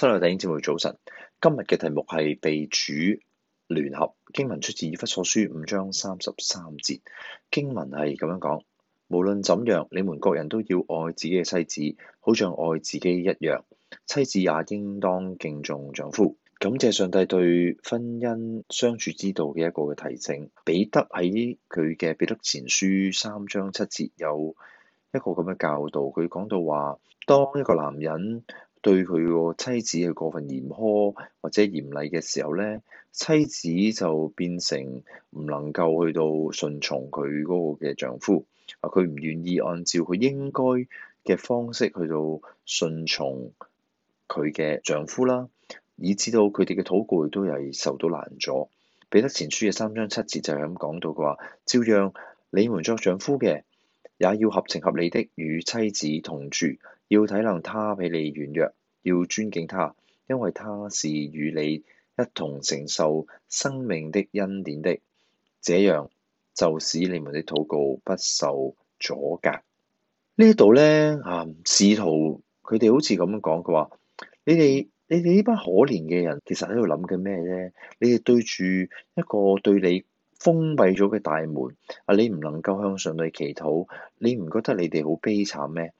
親愛弟兄姊妹早晨，今日嘅題目係被主聯合，經文出自以弗所書五章三十三節，經文係咁樣講：無論怎樣，你們各人都要愛自己嘅妻子，好像愛自己一樣，妻子也應當敬重丈夫。感謝上帝對婚姻相處之道嘅一個嘅提醒。彼得喺佢嘅彼得前書三章七節有一個咁嘅教導，佢講到話：當一個男人對佢個妻子係過分嚴苛或者嚴厲嘅時候咧，妻子就變成唔能夠去到順從佢嗰個嘅丈夫，啊，佢唔願意按照佢應該嘅方式去到順從佢嘅丈夫啦，以至到佢哋嘅禱告都係受到攔阻。彼得前書嘅三章七節就係咁講到嘅話，照樣你們作丈夫嘅，也要合情合理的與妻子同住，要體諒她比你軟弱。要尊敬他，因為他是與你一同承受生命的恩典的，這樣就使你們的禱告不受阻隔。呢度呢，啊，使徒佢哋好似咁樣講，佢話：你哋，你哋呢班可憐嘅人，其實喺度諗緊咩呢？你哋對住一個對你封閉咗嘅大門啊，你唔能夠向上去祈禱，你唔覺得你哋好悲慘咩？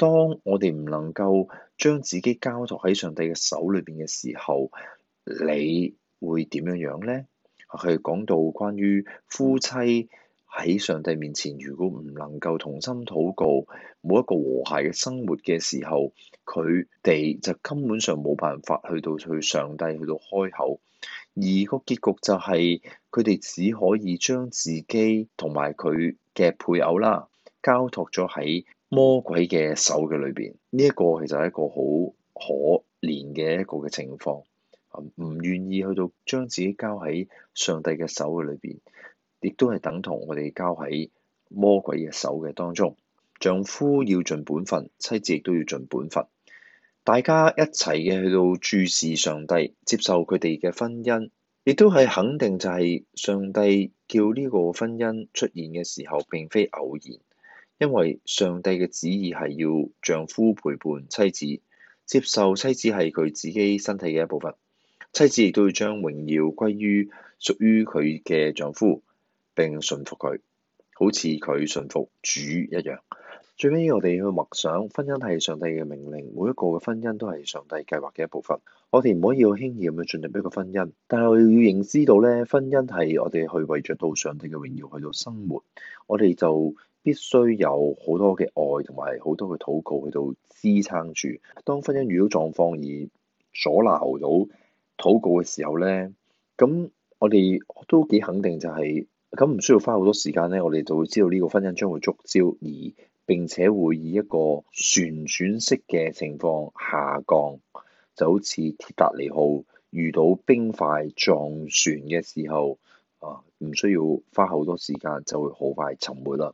當我哋唔能夠將自己交託喺上帝嘅手裏邊嘅時候，你會點樣樣呢？佢講到關於夫妻喺上帝面前，如果唔能夠同心禱告，冇一個和諧嘅生活嘅時候，佢哋就根本上冇辦法去到去上帝去到開口，而個結局就係佢哋只可以將自己同埋佢嘅配偶啦交託咗喺魔鬼嘅手嘅裏邊，呢一個其實係一個好可憐嘅一個嘅情況，唔願意去到將自己交喺上帝嘅手嘅裏邊，亦都係等同我哋交喺魔鬼嘅手嘅當中。丈夫要盡本分，妻子亦都要盡本分，大家一齊嘅去到注視上帝，接受佢哋嘅婚姻，亦都係肯定就係上帝叫呢個婚姻出現嘅時候，並非偶然。因為上帝嘅旨意係要丈夫陪伴妻子，接受妻子係佢自己身體嘅一部分。妻子亦都要將榮耀歸於屬於佢嘅丈夫，並順服佢，好似佢順服主一樣。最尾，我哋去默想婚姻係上帝嘅命令，每一個嘅婚姻都係上帝計劃嘅一部分。我哋唔可以好輕易咁去進入一個婚姻，但係我要認知到咧，婚姻係我哋去為着到上帝嘅榮耀去到生活。我哋就必須有好多嘅愛同埋好多嘅禱告喺度支撐住。當婚姻遇到狀況而阻撓到禱告嘅時候咧，咁我哋都幾肯定就係咁唔需要花好多時間咧，我哋就會知道呢個婚姻將會觸礁，而並且會以一個旋轉式嘅情況下降，就好似鐵達尼號遇到冰塊撞船嘅時候，啊唔需要花好多時間就會好快沉沒啦。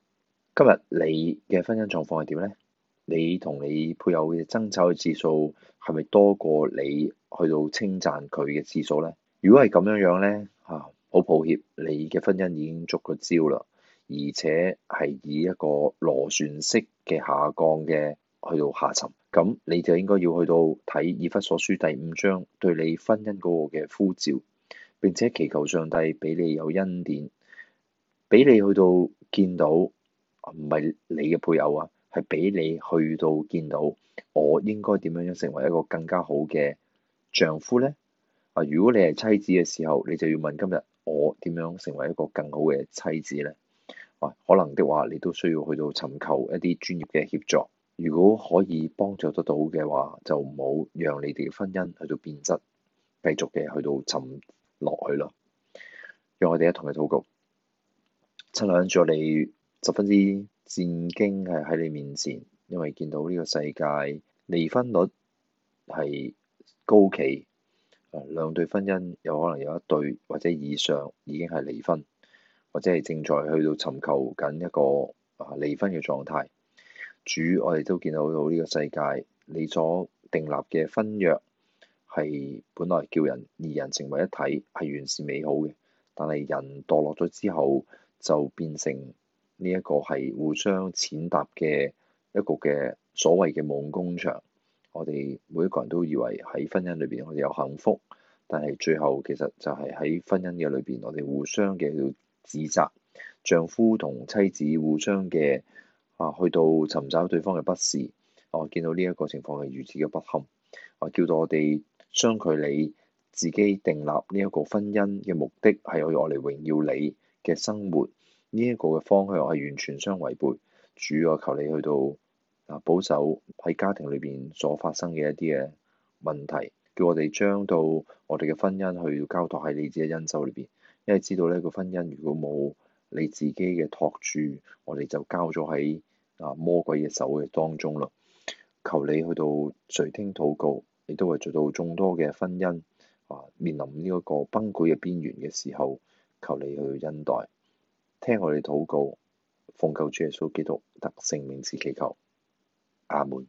今日你嘅婚姻狀況係點呢？你同你配偶嘅爭吵嘅次數係咪多過你去到稱讚佢嘅次數呢？如果係咁樣樣呢，吓、啊、好抱歉，你嘅婚姻已經逐個招啦，而且係以一個螺旋式嘅下降嘅去到下沉，咁你就應該要去到睇，以弗所書第五章，對你婚姻嗰個嘅呼召，並且祈求上帝俾你有恩典，俾你去到見到。唔係你嘅配偶啊，係俾你去到見到我應該點樣成為一個更加好嘅丈夫呢？啊，如果你係妻子嘅時候，你就要問今日我點樣成為一個更好嘅妻子呢？啊，可能的話，你都需要去到尋求一啲專業嘅協助。如果可以幫助得到嘅話，就唔好讓你哋嘅婚姻去到變質，繼續嘅去到沉落去咯。讓我哋一同嘅禱告，親愛嘅主啊，你～十分之戰兢係喺你面前，因為見到呢個世界離婚率係高企。兩對婚姻有可能有一對或者以上已經係離婚，或者係正在去到尋求緊一個啊離婚嘅狀態。主，我哋都見到到呢個世界你所訂立嘅婚約係本來叫人二人成為一體係原是美好嘅，但係人墮落咗之後就變成。呢一個係互相踐踏嘅一個嘅所謂嘅夢工場，我哋每一個人都以為喺婚姻裏邊我哋有幸福，但係最後其實就係喺婚姻嘅裏邊，我哋互相嘅要指責，丈夫同妻子互相嘅啊去到尋找對方嘅不是，我見到呢一個情況係如此嘅不堪，我叫到我哋將佢你自己訂立呢一個婚姻嘅目的係我嚟榮耀你嘅生活。呢一個嘅方向係完全相違背。主啊，求你去到啊保守喺家庭裏邊所發生嘅一啲嘅問題，叫我哋將到我哋嘅婚姻去交託喺你自己嘅恩手裏邊，因為知道呢個婚姻如果冇你自己嘅托住，我哋就交咗喺啊魔鬼嘅手嘅當中啦。求你去到垂聽禱告，你都係做到眾多嘅婚姻啊，面臨呢一個崩潰嘅邊緣嘅時候，求你去恩待。聽我哋禱告，奉救主耶穌基督特聖名字祈求，阿門。